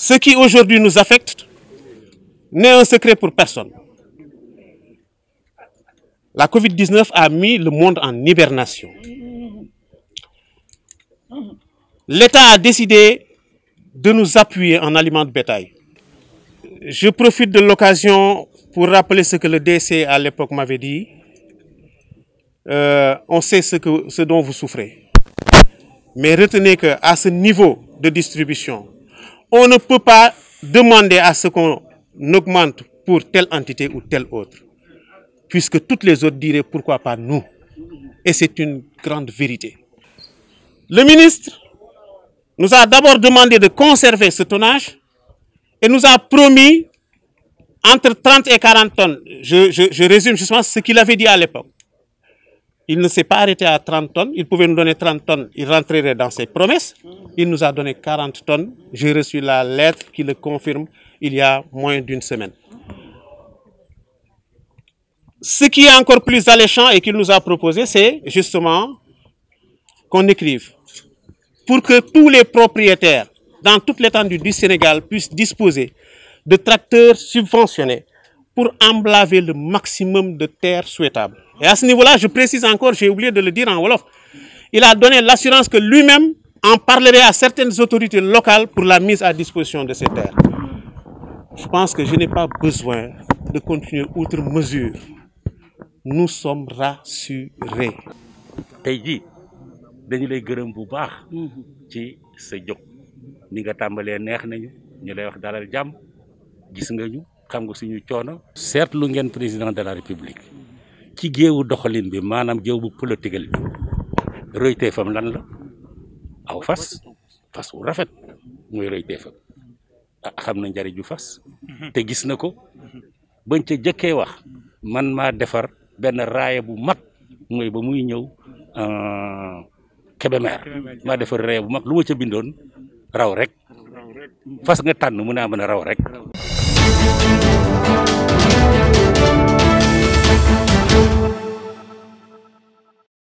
Ce qui aujourd'hui nous affecte n'est un secret pour personne. La COVID-19 a mis le monde en hibernation. L'État a décidé de nous appuyer en aliments de bétail. Je profite de l'occasion pour rappeler ce que le DC à l'époque m'avait dit. Euh, on sait ce, que, ce dont vous souffrez. Mais retenez qu'à ce niveau de distribution, on ne peut pas demander à ce qu'on augmente pour telle entité ou telle autre, puisque toutes les autres diraient pourquoi pas nous. Et c'est une grande vérité. Le ministre nous a d'abord demandé de conserver ce tonnage et nous a promis entre 30 et 40 tonnes. Je, je résume justement ce qu'il avait dit à l'époque. Il ne s'est pas arrêté à 30 tonnes. Il pouvait nous donner 30 tonnes. Il rentrerait dans ses promesses. Il nous a donné 40 tonnes. J'ai reçu la lettre qui le confirme il y a moins d'une semaine. Ce qui est encore plus alléchant et qu'il nous a proposé, c'est justement qu'on écrive pour que tous les propriétaires dans toute l'étendue du Sénégal puissent disposer de tracteurs subventionnés pour emblaver le maximum de terres souhaitables. Et à ce niveau-là, je précise encore, j'ai oublié de le dire en Wolof, il a donné l'assurance que lui-même en parlerait à certaines autorités locales pour la mise à disposition de ces terres. Je pense que je n'ai pas besoin de continuer outre mesure. Nous sommes rassurés. président de la république. ci géewu doxalin bi maanaam géew bu politique bi rëytee fam lan la aw fas fas wu rafet muy rëytee fam ah xam na njëriñ ju fas mhm. te gis na ko mhm. bañ ca jëkke wax man maa defar benn raaya bu mag mooy ba muy ñëw euh, Kébémer maa defar raaya bu mag lu ma ca bindoon raw rek fas nga tànn mu naa mën a raw rek